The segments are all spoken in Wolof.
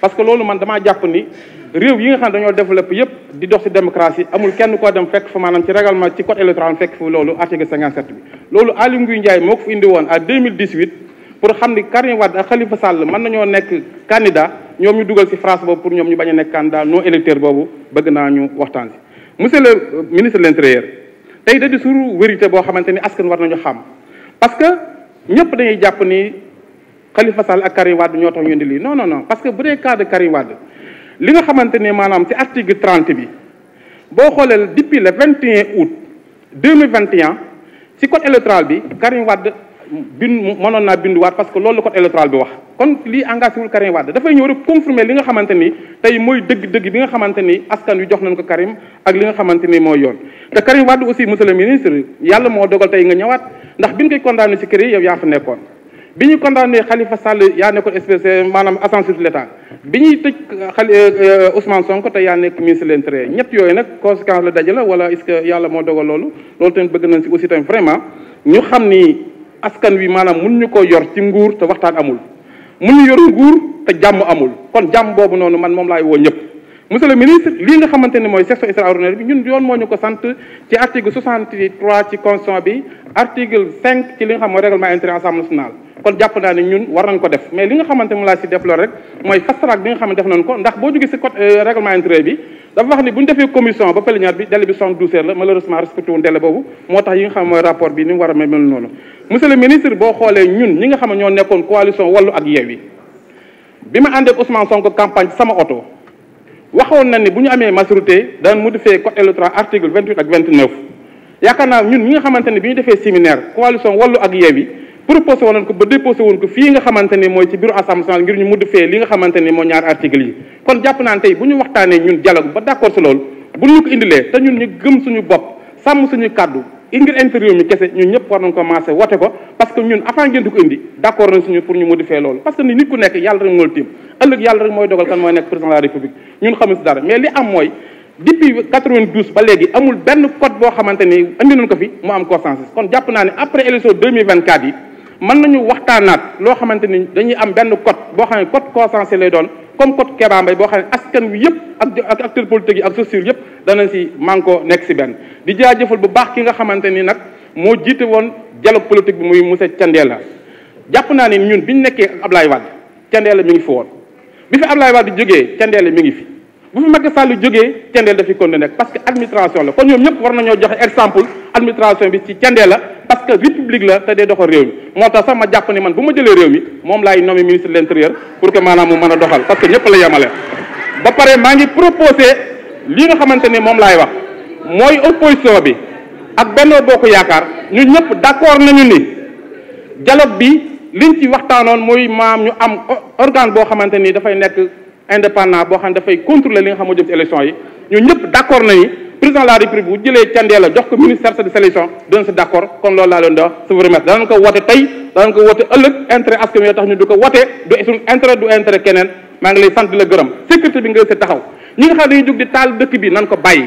parce que loolu man damaa jàpp ni réew yi nga xam ne dañoo développé yépp di dox ci démocratie amul kenn koo dem fekk fa maanaam ci règlement ci code électoral fekk fi loolu article 57 bi. loolu Aly Ngouille Ndiaye moo ko fi indi woon à 2018 pour xam ni Karim Wade ak Khalifa Sall mën nañoo nekk candidat ñoom ñu dugal ci France boobu pour ñoom ñu bañ a nekk candidat non électeur boobu bëgg naa ñu waxtaan ci. monsieur euh, ministre l'intérieur tey da di suru que ñëpp dañuy jàpp ni. Khalifa Sall ak Karim Wade ñoo tax ñu indi lii non non parce que bu dee Karim Wade li nga xamante ne maanaam ci article 30 bi boo xoolee depuis le 21 août 2021 ci code électoral bi Karim Wade bind mënoon naa binduwaat parce que loolu la code électoral bi wax kon lii engagé wul Karim Wade dafay ñëw rek confirmer li nga xamante ni tey mooy dëgg-dëgg bi nga xamante ni askan wi jox na ko Karim ak li nga xamante ni mooy yoon te Karim Wade aussi monsieur le moo dogal tey nga ñëwaat ndax biñ koy condamné ci kër yi yow nekkoon bi ñu condamné xalifa Sall yaa ne nekkoon espèce maanaam ascenseur de l'État bi ñuy tëj xali euh, euh, euh, Ousmane Sonko te yaa nekk ministre de l'Intérieur ñett yooyu nag conséquence la daje la wala est-ce que yàlla moo dogal loolu loolu tamit bëgg nañ si aussi ñu xam ni askan wi maanaam mun ñu ko yor ci nguur te waxtaan amul mun ñu yor nguur te jàmm amul kon jàmm boobu noonu man moom laay woo ñëpp monsieur le ministre lii nga xamante ne mooy section extraordinaire bi ñun yoon moo ñu ko sant ci article 63 ci constitution bi article 5 ci li nga xam mooy règlement intérieur assemblée nationale kon jàpp naa ne ñun war nañ ko def mais li nga xamante mu laa si def loolu rek mooy fast bi nga xamante def nañ ko ndax boo jógee si code euh, règlement intérieur bi dafa wax ni bu ñu defee commission ba plénière bi délai bi 72 heures la malheureusement respecté wuñ boobu moo tax yi nga xam mooy rapport bi ni mu war a mel noonu monsieur le ministre boo xoolee ñun ñi nga xam ñoo nekkoon coalition Wallu ak Yewwi bi ma àndee ak Ousmane Sonko campagne sama oto waxoon na ni bu ñu amee majorité daan modifier code électoral article 28 ak 29 yaakaar naa ñun ñi nga xamante ne bi ñu defee séminaire coalition Wallu ak Yewwi proposé woon ko ba déposé woon ko fii nga xamante mooy ci bureau assemblée nationale ngir ñu mudd fee li nga xamante moo ñaar article yi kon jàpp naan tey bu ñu waxtaanee ñun dialogue ba d' accord si loolu bu ñu ko indilee te ñun ñu gëm suñu bopp sàmm suñu kàddu ngir intérieur mi kese ñun ñëpp war nañ ko commencé wote ko parce que ñun avant ngeen di ko indi d' accord suñu pour ñu modifier loolu parce que ni nit ku nekk yàlla rek mooy dogal kan boo xamante ni andi nañ ko fi mu am mën nañu waxtaanaat loo xamante ni dañuy am benn code boo xam ne code consensé lay doon comme code Kéba Mbaye boo xam ne askan wi yëpp ak acteur politique yi ak société yëpp dana si manko nekk si benn di jaajëfal bu baax ki nga xamante ni nag moo jiite woon dialogue politique bi muy monsieur Thiendella jàpp naa ne ñun bi ñu nekkee ak Ablaye Wade Thiendella mi ngi fi woon bi fi Ablaye di jógee Thiendella mi ngi fi bu fi Macky Sall jógee Thiendella dafi kon nekk parce que administration la kon ñoom ñëpp war nañoo joxe exemple administration bi ci Thiendella la parce que république la te day doxal réew mi moo tax sax ma jàpp ne man bu ma jëlee réew mi moom laay nommé ministre de l'intérieur pour que maanaam mu mën a doxal parce que ñëpp la yemale ba pare maa ngi proposé li nga xamante ne moom laay wax mooy opposition bi ak Benno Bokk Yaakaar ñu ñëpp d'accord nañu ni dialogue bi liñ ci waxtaanoon mooy maam ñu am organe boo xamante ni dafay nekk indépendant boo xam ne dafay contrôler li nga xam moo jëm ci élection yi ñu ñëpp d'accord nañu président de la république bu jëlee candee la jox ko ministère de sélection dinañ si d'accord kon loolu laa leen di wax su vous ko wote tey danañ ko wote ëllëg intérêt askan wi tax ñu du ko wote du suñu intérêt du intérêt keneen maa ngi lay sant di la gërëm sécurité bi nga si taxaw ñi nga xam ne dañuy jóg di taal dëkk bi nan ko bàyyi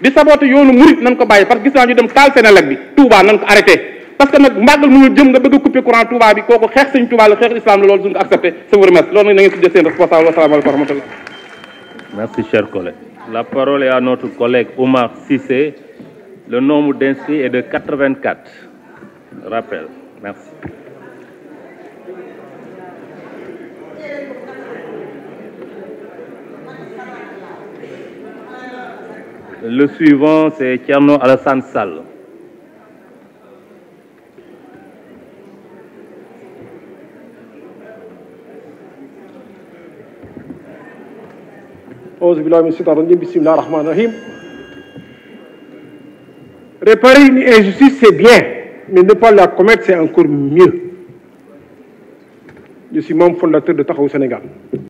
di saboté yoonu murit nan ko bàyyi parce que gis naa ñu dem taal parce que nag màggal mënul jëm nga bëgg a couper courant Touba bi kooku xeex sëñ Touba la xeex islam la loolu duñ ko accepté je vous remercie loolu nag na ngeen si jël seen responsable wasalaamaaleykum wa rahmatullah merci la le de 84 rappel merci le suivant c'est Thierno Alassane Sall auzu billahi min seytaan rajim bismillah rahman rahim réparer une injustice c'est bien mais ne pas la commettre c'est encore mieux je suis fondateur de Taxawu Sénégal